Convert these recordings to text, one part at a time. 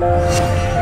Thank you.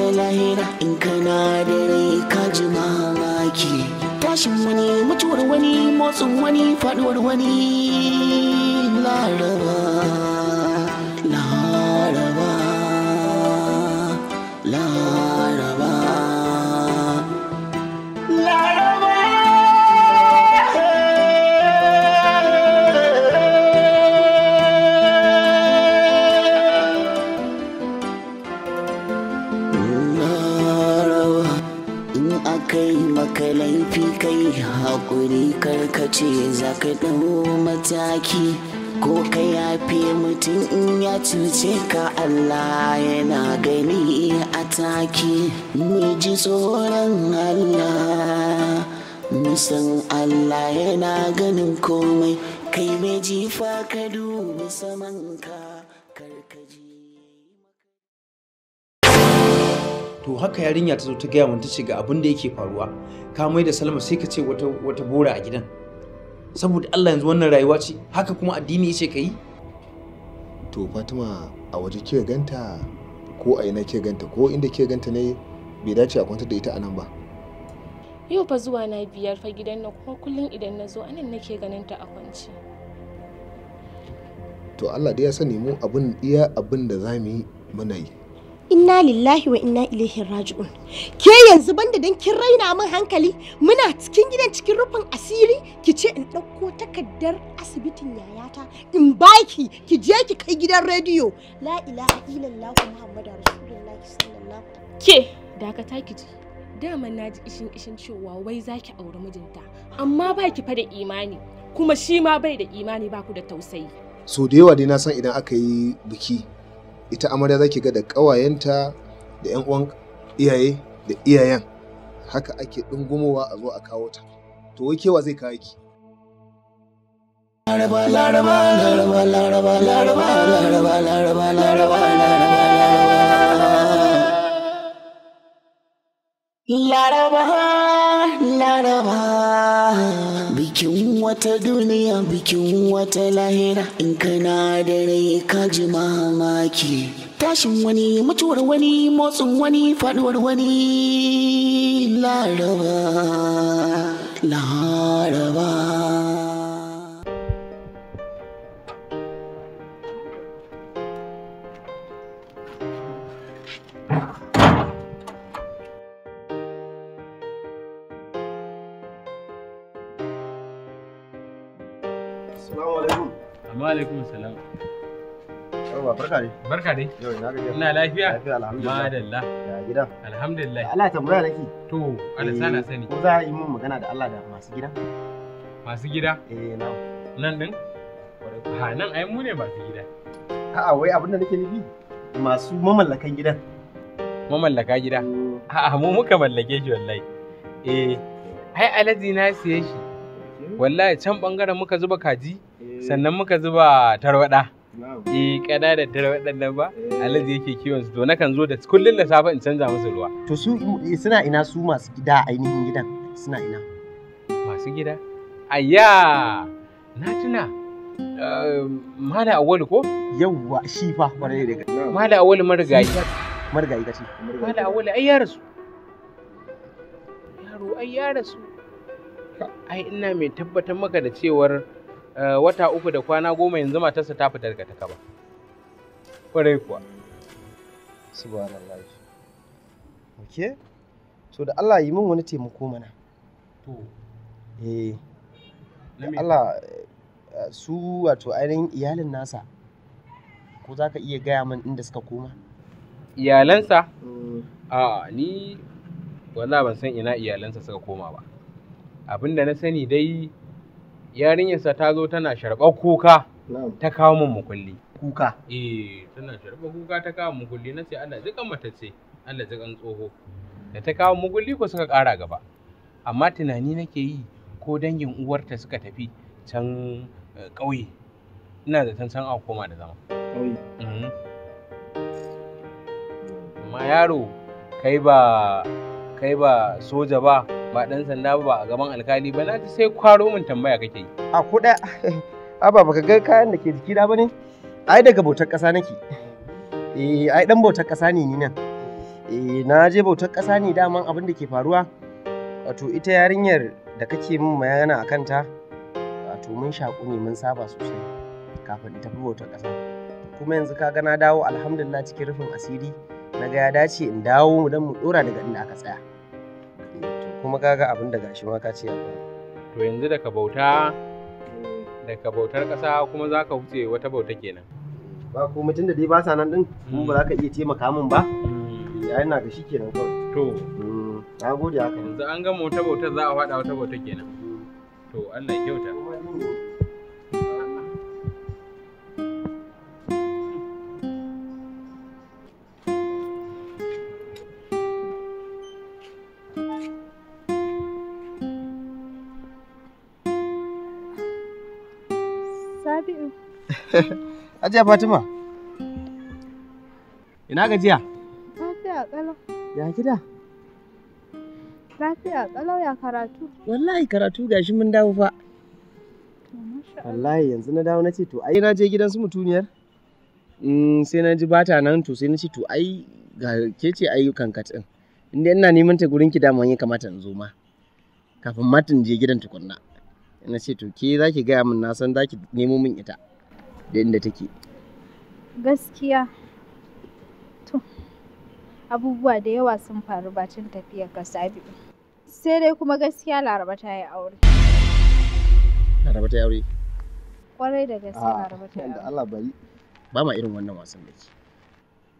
wata lahira in kana dare ka ji mamaki tashin wani mutuwar wani motsin wani faduwar wani laraba haƙuri karkace za ka ɗau mataki ko ka yafe mutum in ya cuce ka Allah yana gani a taki mu ji tsoron Allah musan Allah yana ganin komai kai mai jifa ka saman ka. to haka yarinya ta zo ta gaya ta ce ga abin da yake faruwa ka mai da salama sai ka ce wata wata bora a gidan saboda Allah yanzu wannan rayuwa ce haka kuma addini yace ka yi to Fatima a waje ke ganta ko a ina ke ganta ko inda ke ganta ne bai dace a kwantar da ita anan ba yau fa zuwa na biyar fa gidan nan kuma kullum idan na zo anan nake ganin ta a kwance to Allah dai ya sani mu abin iya abin da za mu yi muna yi inna lillahi wa inna ilaihi raji'un ke yanzu banda dan kin raina min hankali muna cikin gidan cikin rufin asiri ki ce in ɗauko takardar asibitin yayata in baki ki je ki kai gidan rediyo la ilaha illallah muhammadu rasulullah sallallahu ke dakata ki ji dama na ji ishin ishin cewa wai zaki aure mijinta amma baki fa da imani kuma shi ma bai da imani baku da tausayi so da yawa dai na san idan aka yi biki ita amarya zaki ga da ƙawayenta da 'yan uwan iyaye da iyayen haka ake ɗungumowa a zo a kawo ta to wai kewa zai kawo ki laraba laraba laraba bikin wata duniya bikin wata lahira in kana da rai ka ji mamaki tashin wani mutuwar wani motsin wani faduwar wani laraba laraba alaikum salam yawa barka dai barka dai yau ina gajiya ina lafiya lafiya alhamdulillah madalla ya gida alhamdulillah Allah tambaya nake to Allah sana eh, sani ko za a yi min magana da Allah da masu gida masu gida eh na nan din ha nan ai mu ne masu gida a'a wai abin da nake nufi masu mamallakan gidan mamallaka gida a'a mu muka mallake shi wallahi eh ai alaji na siye shi eh. wallahi can bangaren muka zuba kaji sannan muka zuba tarwaɗa E, kada da tarwaɗan nan ba alaji yake kiwon su to na kan zo da kullun da safe in canza musu ruwa to su e, suna ina su masu gida ainihin gidan suna ina masu gida ayya na tuna um, mala Awali ko yawwa shi fa kwarai da gaske mala Awali marigayi marigayi kace mala awwalu ai ya rasu yaro ai ya rasu ai ina mai tabbatar maka da cewar Eh, wata uku da kwana goma yanzu matarsa ta fita daga takaba kwarai kuwa subhanallah okay so da Allah yi min wani taimako mana to eh Allah eh, su wato ainihin iyalin nasa ko za ka iya gaya min inda suka koma iyalansa mm. a ni wanda ban san ina iyalansa suka koma ba abinda na sani dai yarinyarsa ta zo tana sharɓar kuka ta kawo min mukulli kuka eh tana sharɓar kuka ta kawo mukulli na ce Allah zikan mata ce Allah zikan tsoho da ta kawo mukulli ko suka ƙara gaba amma tunani nake yi ko dangin uwarta suka tafi can eh, ƙauye ina da san a koma da zama mhm. amma yaro kai ba kai ba soja ba ba dan sanda ba a gaban alkali ba na ji sai kwaro min tambaya kake yi a kuɗa abba baka ga kayan da ke da ba ne ai daga bautar ƙasa nake eh ai dan bautar ƙasa ne ni nan eh na je bautar ƙasa ne daman abin da ke faruwa wato ita yarinyar da kake min magana a kanta wato mun shaƙu ne mun saba sosai kafin in tafi bautar ƙasa kuma yanzu ka na dawo alhamdulillah cikin rufin asiri na ga ya dace in dawo mu don mu ɗora daga inda aka tsaya kuma kaga abin da gashi ma ka ce ya to yanzu daga bauta daga bautar ƙasa kuma za ka wuce wata bauta kenan ba ko mutum da dai ba sa nan din kuma ba za ka iya taimaka min ba hmm. ya ina ga shi kenan kawai to hmm, na gode haka yanzu an gama wata bautar za a faɗa wata bauta kenan to Allah ya kyauta Ajiya Fatima. Ina gajiya? Lafiya kalau. Ya gida? Lafiya kalau ya karatu. Wallahi karatu gashi mun dawo fa. Wallahi yanzu na dawo na ce to ai na je gidan su mutuniyar. Mm, sai na ji bata nan to sai na ce to ai ga ke ce ayyukan katin. Inda ina neman ta gurin ki da ya kamata in zo ma. Kafin matin je gidan tukunna. Na ce to ke za ki gaya min na san za ki nemo min ita. da inda take gaskiya to abubuwa da yawa sun faru bacin tafiyar ka sabi sai dai kuma gaskiya laraba ta yi aure laraba ta yi aure kwarai da gaskiya ah, laraba ta yi aure Allah bari ba ma irin wannan wasan da ke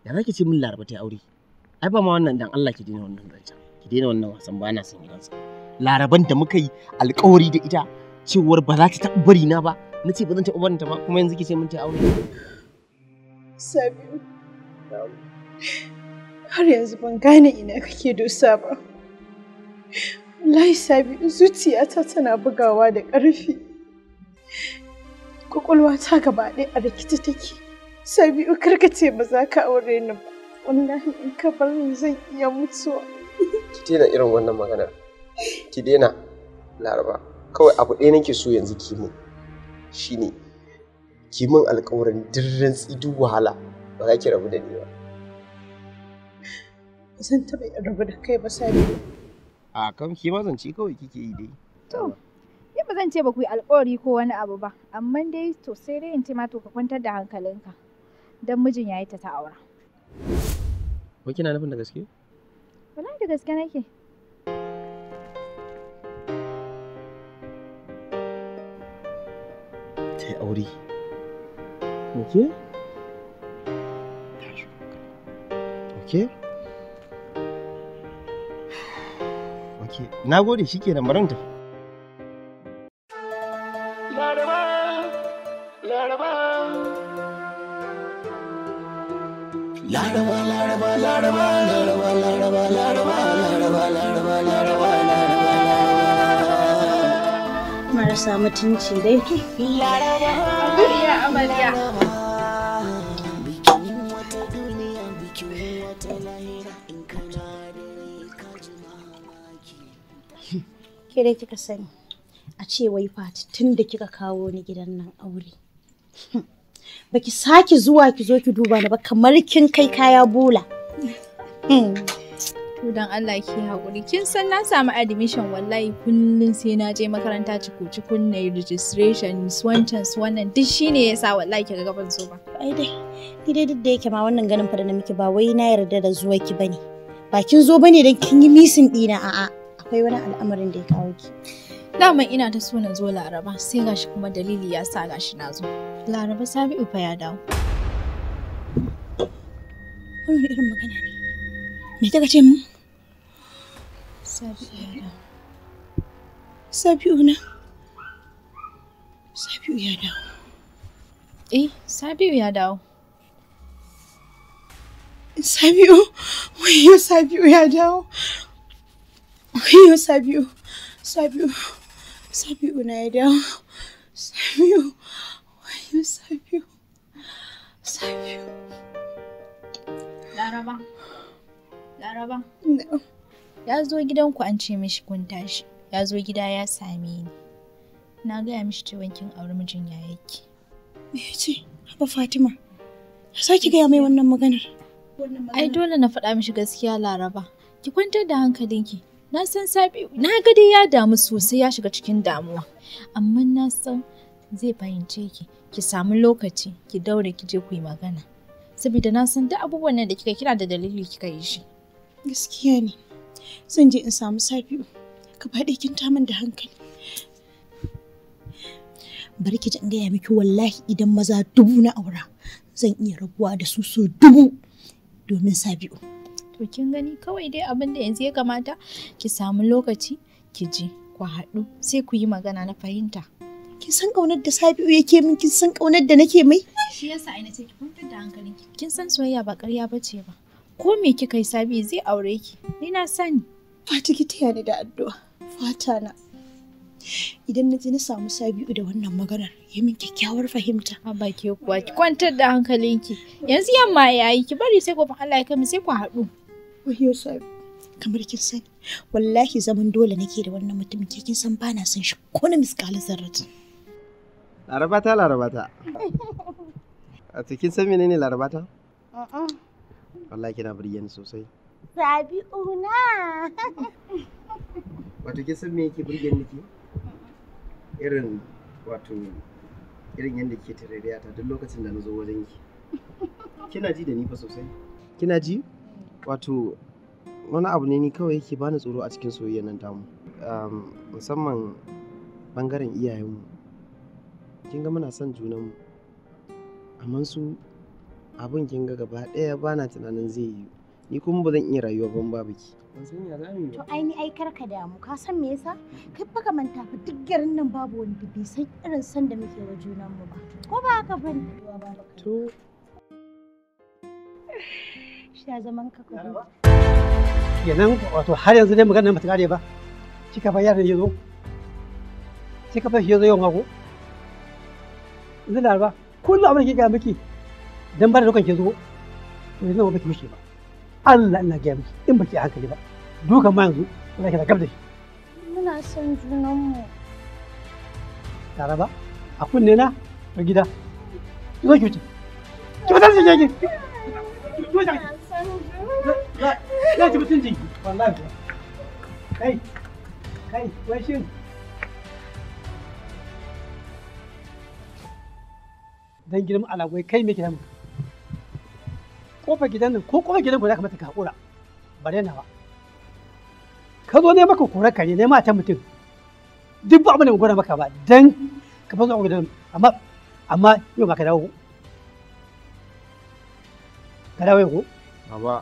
da za ki ce min laraba ta yi aure ai ba ma wannan dan Allah ki daina wannan zancen ki daina wannan wasan ba na son sa. laraban da muka yi alkawari da ita cewar ba za ta taɓa bari na ba na ce ba zan taɓa barinta ba kuma yanzu kice mun ta aure sabiu har yanzu ban gane ina kake dosa ba wallahi sabiu zuciyata tana bugawa da ƙarfi kwakwalwata gaba ɗaya a rikici take sabiu ce ba za ka aure ni ba wallahi in ka bar ni zan iya mutuwa ki daina irin wannan maganar ki daina laraba kawai abu ɗaya nake so yanzu ki mu shine ki min alkawarin dirren tsidu wahala ba za ki rabu da ni ba zan taɓa yin rabu da kai ba sani a kan ki mazanci kawai kike yi dai to ni ba zan ce ba ku yi alkawari ko wani abu ba amma dai to sai dai in ce ma to ka kwantar da hankalinka dan mijin yayi ta ta aura ko kina nufin da gaske wallahi da gaske nake aure Ok? Ok? Ok. na gode shi kenan bari tafi laraba laraba laraba laraba laraba laraba marasa mutunci dai. Amarya Ke dai kika sani, a ce wai fati tun da kika kawo ni gidan nan aure. Baki sake zuwa ki zo ki duba ni ba kamar kin kai kaya bula. Hmm. to dan Allah ki haƙuri kin san na samu admission wallahi kullun sai na je makaranta ciku cikun na registration wancan su wannan duk shine yasa wallahi kaga gaban zo ba ai dai ni dai duk da yake ma wannan ganin fara na miki ba wai na yarda da zuwa ki bane ba kin zo bane dan kin yi misin dina a'a akwai wani al'amarin da ya kawo ki dama ina ta so na zo Laraba sai gashi kuma dalili ya sa gashi na zo. Laraba Sabi'u fa ya dawo. Wannan irin magana ne. Me kika ce mun? Sabi'una. Sabi'una. Eh, sabi'u ya daw. Eh, sabi'u ya daw. Sabi'u. Wiyo sabi'u ya daw. Wiyo sabi'u. Sabi'u. Sabi'u na ya daw. Sabi'u. Wiyo sabi'u. Sabi'u. Lara bang. No. ya zo gidanku an ce mishi kun tashi ya zo gida ya same ni na gaya mishi cewa kin auri mijin ya yake me yace haba fatima ya saki gaya mai wannan maganar ai dole na faɗa mishi gaskiya laraba ki kwantar da hankalinki na san sabi na ga dai ya damu sosai ya shiga cikin damuwa amma na san zai fahimce ki ki samu lokaci ki daure ki je ku yi magana saboda na san duk abubuwan da kika kira da dalili kika yi shi gaskiya ne zan je in samu Sabi'u. ka faɗi kin min da hankali bari ki in gaya miki wallahi idan maza dubu na aura zan iya rabuwa da su so dubu domin sabi'u to kin gani kawai dai abin da yanzu ya kamata ki samu lokaci ki je ku haɗu sai ku yi magana na fahimta kin san kaunar da sabi'u yake min kin san kaunar da nake mai shi yasa ina ce ki kwantar da hankalinki kin san soyayya ba ƙarya bace ba ko me kika yi sabi zai aure ki ni na sani fata ki taya ni da addu'a fata na idan na je na samu sabi'u da wannan maganar ya min kyakkyawar fahimta a baki kuwa ki kwantar da hankalinki yanzu yamma yayi ki bari sai gobe Allah ya kai sai ku haɗu wahiyo sabi kamar kin sani wallahi zaman dole nake da wannan mutum ke kin san bana son shi ko na miskala zarrata larabata larabata a cikin san menene larabata a'a Allah kina burge ni sosai na? wato ke san me yake burge ni ki irin wato irin yadda ke tarayya ta duk lokacin da na zo wajen ki kina ji da ni fa sosai kina ji wato wani abu ne ni kawai yake bani tsoro a cikin soyayyar nan tamu musamman bangaren iyayenmu kin ga muna son junanmu amma su abin kin ga gaba ɗaya ba na tunanin zai yi ni kuma ba zan iya rayuwa ban babu ki to ai ni ai kar ka damu ka san me yasa kai baka manta fa duk garin nan babu wanda bai san irin san da muke wa junan mu ba ko ba haka bane to sha zaman ka ko kenan wato har yanzu dai maganar ba ta kare ba kika fa yaran yazo kika fa shi yazo yau mako zai laraba kullum abin da kika miki dan ba da dukan ke zo to yanzu ba ki mishi ba Allah ina gaya miki in baki hankali ba dukan ma yanzu za ki gab da shi muna son junan mu tare ba a kunne na to gida ki zo ki wuce ki fitar da ki ki wuce za ki mutun jinki wallahi kai kai wai shin dan girman alagwai kai me ke damu kofar gidan nan ko kofar gidan ku za ka mata ka hakura ba daina ba ka zo ne maka kura kare ne mata mutum duk ba abin da gwada maka ba dan ka fasa gidan amma amma yau ma ka dawo ka dawo yau baba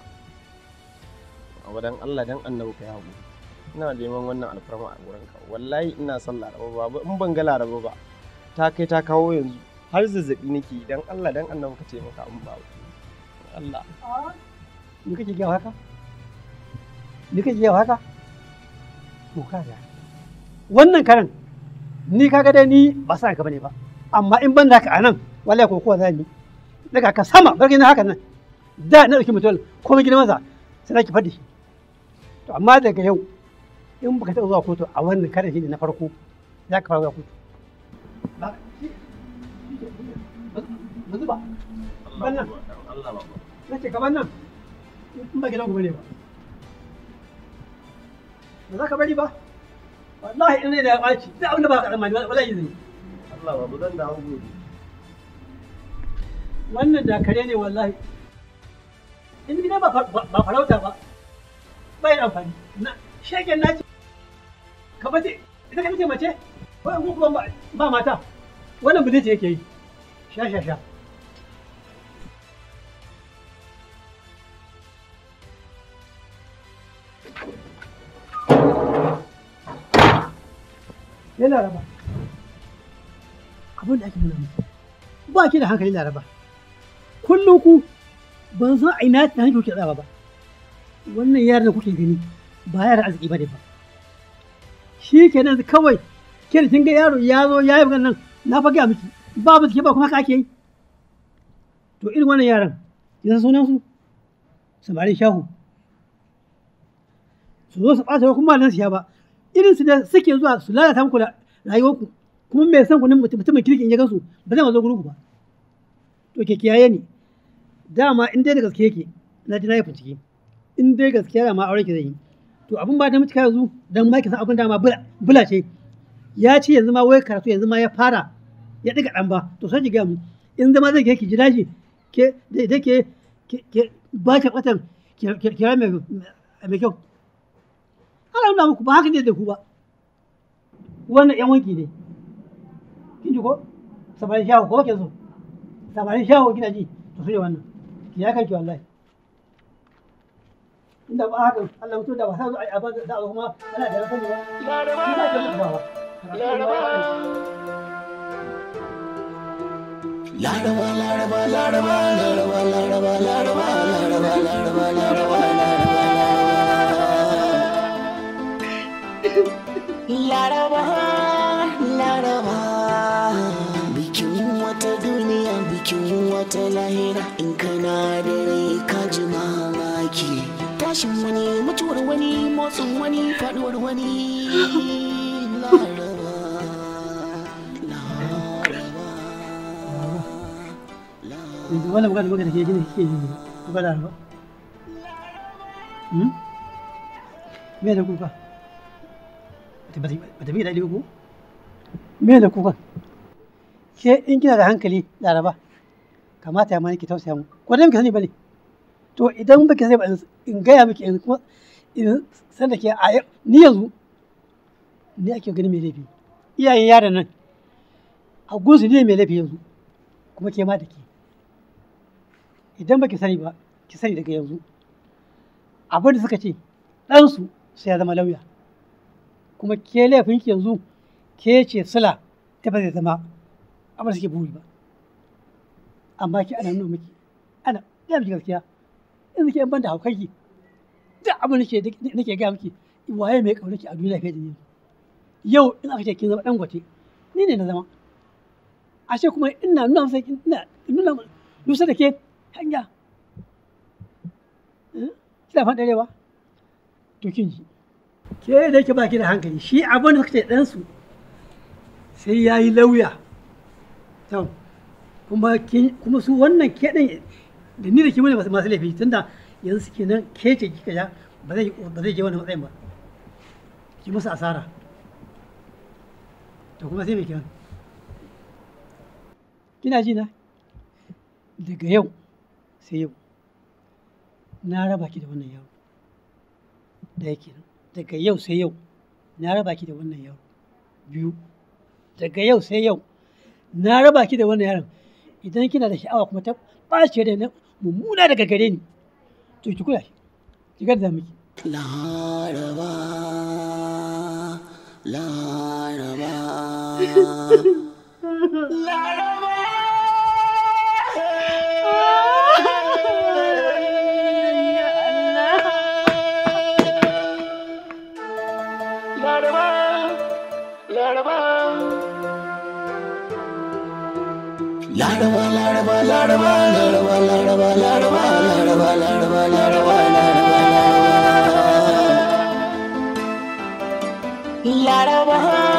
baba dan Allah dan annabi ka yawo ina neman wannan alfarma a gurin ka wallahi ina son laraba ba in ban ga laraba ba ta kai ta kawo yanzu har zazzabi nake dan Allah dan annabi ka taimaka in ba Allah wannan karan ni kaga dai ni ba sa ka bane ba amma in ban da haka anan wallahi ko kowa zai daga ka sama barki na haka nan da na dauki mutum ko mai gidan maza sai na ki fadi to amma daga yau in baka taɓa zuwa kotu a wannan karan shi na farko za ka fara zuwa kotu ba zuba wannan nake nan in ba gidan ku bane ba ba za ka bari ba wallahi ina da ya da abin da ba ka tsammani wallahi zai Allah ba zan dawo gobe wannan kare ne wallahi in gida ba farauta ba bai amfani na shegen na ce ka bace ita ka mace ko kuma ba mata wannan bude ce yake yi sha sha sha Ke Laraba, abin da ake nuna miki, ba ki da hankali Laraba. Kullum ku ban san a ina ta hankali kuke tsaba ba. Wannan yaran da kuke gani ba yaran arziki ba ne ba. Shi kenan kawai ke da kin ga yaro ya zo ya yi nan na fage a miki ba mu ba kuma ka ake yi. To irin wannan yaran yanzu sunan su samarin shahu. Su zo su ɓata kuma malan siya ba irin su da suke zuwa su lalata muku rayuwarku kuma mai san kunin mutumin kirkin ya gansu ba zai mazo gurin ku ba to ke kiyaye ni dama in dai da gaske yake na ji na yi bincike in dai gaskiya da ma aure ki zai yi to abin ba ta mutuka yanzu dan ma ki san abin dama bula ce ya ce yanzu ma wai karatu yanzu ma ya fara ya ɗiga ɗan ba to sai ki ga mu in zama zai ke ki jira shi ke da ke ke ba ki kwatan ki mai kyau ana n'a muku ba haka ne da ku ba wannan yan wanki ne kin ji ko sabarin shawo ko kake so sabarin shawo kina ji to sai wannan ki ya kanki wallahi inda ba haka Allah mutum da ba sa zo a ba da kuma ana da rafin ba laraba laraba laraba laraba laraba laraba laraba laraba laraba laraba laraba laraba bikin wata duniya bikin wata lahira in kana dare ka ji mamaki tashin wani mutuwar wani motsin wani faduwar wani laraba yanzu wannan magana magana ke gina ke yi kuka ba? Hmm? Me da kuka? bata ta bi daɗi ba Me da kuka? Ke in kina da hankali laraba kamata ya ma ki tausaya mu. Ko dai muke sani bane. To idan ba ki sani ba in gaya miki in kuma in san da ke a ni yanzu ni ake gani mai laifi. Iyayen yaron nan a gunsu ne mai laifi yanzu kuma ke ma da ke. Idan ba ki sani ba ki sani daga yanzu. Abin da suka ce ɗansu sai ya zama lauya. kuma ke laifin ki yanzu ke ce sila ta ba zai zama amma suke buri ba amma ki ana nuna miki ana ina miki gaskiya in suke ban da haukan ki duk abin da nake gaya miki waye mai kaunar ki a duniya fiye da ni yau in aka ce kin zama gwate ni ne na zama ashe kuma ina nuna masa ina nuna dusa da ke hanya eh? kina ba to kin ji ke da ke baki da hankali shi abin da kake ɗansu sai ya yi lauya kuma su wannan ke ɗin da ni da ke mune masu laifi tunda yanzu suke nan ke ce kika ya ba zai je wani matsayin ba ki musu asara to kuma sai mai kiran kina ji na daga yau sai yau na raba ki da wannan yaro da yake nan daga yau sai yau na raba ki da wannan yaro biyu daga yau sai yau na raba ki da wannan yaron idan kina da sha'awa kuma ta ɓace da mummuna daga gare ni to ki kula shi ki garda miki laraba laraba laraba லாடவா லாடவா லாடவா லாடவா லாடவா லாடவா லாடவா லாடவா லாடவா லாடவா லாடவா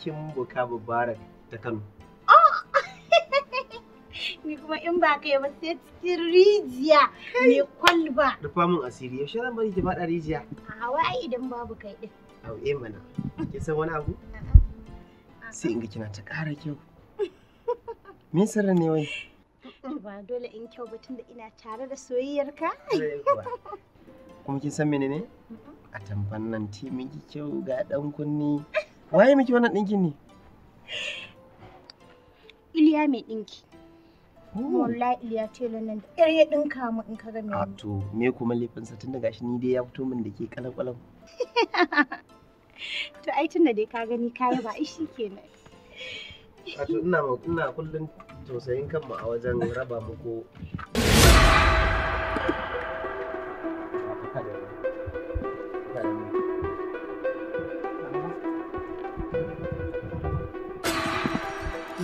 sarkin buka bubara ta kano oh! ni kuma in ba kai ba sai cikin rijiya mai kwalba da famin asiri yaushe zan bari ki fada rijiya a wai idan babu kai din au eh mana ki san wani abu sai in ga kina ta ƙara kyau me sirrin ne wai ba dole in kyau ba tunda ina tare da ka? kuma kin san menene a tamfan nan ti miki kyau ga dan kunni Waye miki wannan ɗinkin ne? Iliya mai ɗinki. Oh. Wallahi Iliya telo nan da ƙyar ya ɗinka mu in ka ga me. A ah, to me kuma laifinsa tun daga shi ni dai ya fito min da ke kalan To ai tun da dai ka gani ka yi ba ishi kenan. A ah, to ina ma ina kullum tausayin kanmu a wajen raba muku.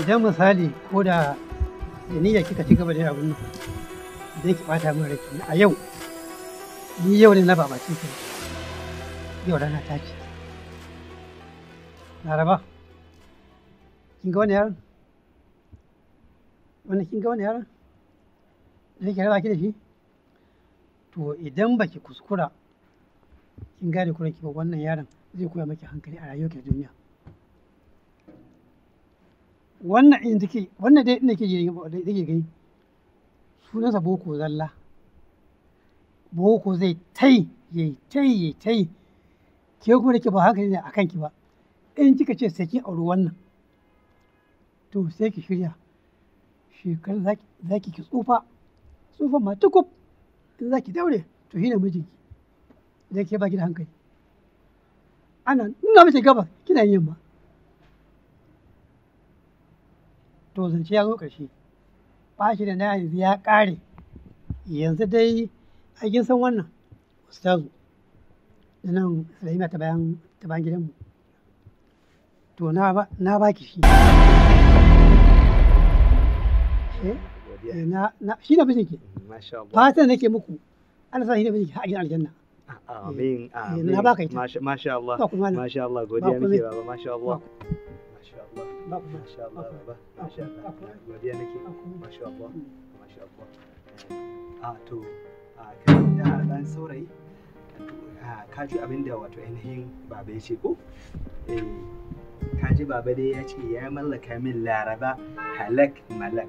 idan misali ko da da niyya kika ci gaba da abin idan ki bata min rai a yau ni yau ne na ci ki yau rana ta ce raba kin ga wani yaron wani kin ga wani yaron zai ki raba ki da shi to idan baki kuskura kin gane ki ba wannan yaron zai koya maki hankali a rayuwar duniya wannan in take wannan dai inda ke take gani sunansa boko zalla boko zai tai yayi tai yayi tai ke kuma da ke ba hankali ne akan ki ba in kika ce sai ki auri wannan to sai ki shirya shekaru za ki ki tsufa tsufa ma tukub in za ki daure to shi ne mijinki da ke ba ki da hankali ana nuna mace gabas kina yin yamma to zance ya zo ƙarshe ba shi da na yanzu ya ƙare yanzu dai a san wannan ustazu da nan rahima ta bayan ta bayan gidanmu to na ba ki shi eh, eh, shi na bijin Fata fatan nake muku An sa shi eh, na bijin ke haƙin aljanna amin amin na baka ita masha Allah masha Allah godiya muke baba masha Allah masha Allah baba masha Allah godiya nake masha Allah hmm. masha Allah eh, a to a kan dan saurayi ka ji abin da wato ainihin baba ya ce ko eh ka ji baba dai ya ce ya mallaka min laraba halak malak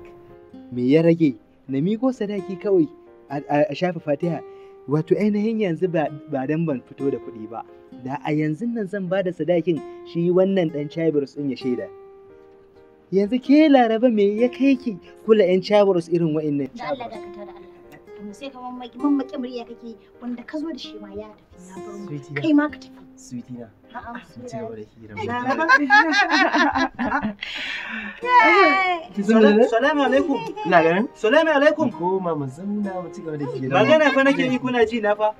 me ya rage na miko sadaki kawai a shafa fatiha wato ainihin yanzu ba dan ban fito da kuɗi ba da a yanzu nan zan ba da sadakin shi wannan dan cibers ɗin ya shaida yanzu ke laraba me ya kai ki kula yan chabaros irin wa'annan chabaros sai ka mamaki mamaki murya kake wanda ka zo da shi ma ya tafi ya kai ma ka tafi sweetie na ah, mu ci gaba da salamu alaikum na ganin salamu alaikum ko ma mu zauna mu ci gaba da hira magana fa nake yi kuna ji na fa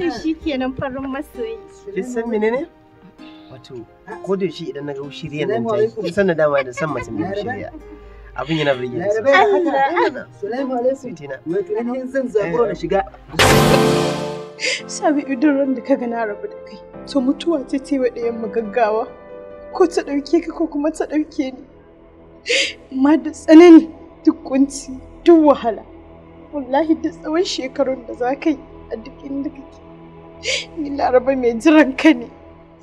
to shikenan farin masoyi kin san menene wato ko da shi idan na ga shirya nan ta yi sanna dama da san mace mai shirya abin yana birge ni Assalamu alaikum zan zaburo na shiga Sabi idon ran da kaga na rabu da kai to mutuwa ce ce wa ɗayan mu ko ta ɗauke ka ko kuma ta ɗauke ni amma da tsanani duk kunci duk wahala wallahi duk tsawon shekarun da za ka yi a duk inda kake ni laraba mai jiran ka ne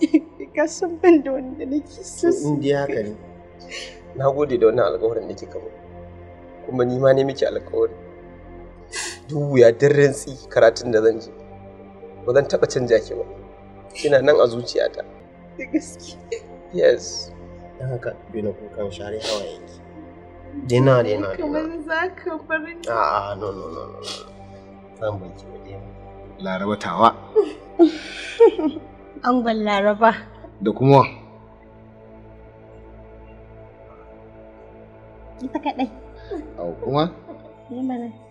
kasan ban da wanda nake so in dai haka ne na gode da wannan alƙawarin da kika mun kuma ni ma ne miki alƙawari duk wuya duk karatun da zan je ba zan taɓa canja ki ba kina nan a zuciyata da gaske yes don haka bina kukan share dina dina kamar za ka bar ni a'a no no no no zan laraba tawa angon laraba da kuma ita kadai au kuma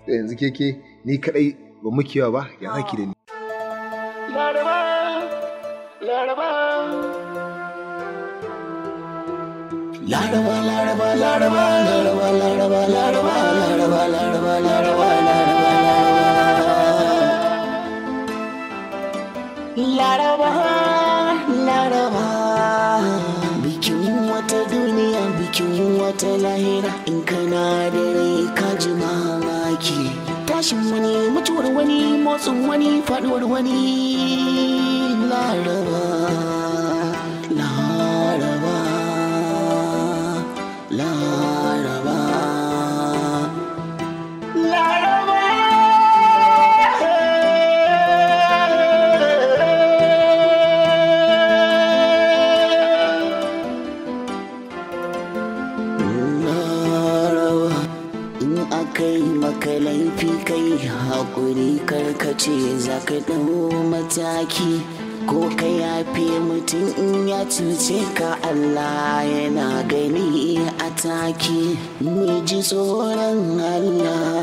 yanzu keke ni kadai ba mukewa ba ya haki da ni laraba laraba laraba laraba laraba laraba laraba laraba laraba laraba laraba laraba laraba ta lahira in kana dare ka ji mamaki tashin wani mutuwar wani motsin wani faduwar wani laraba laraba laraba kai haƙuri karkace za ka ɗau mataki ko ka yafe mutum in ya cuce ka Allah yana gani a taki ji tsoron Allah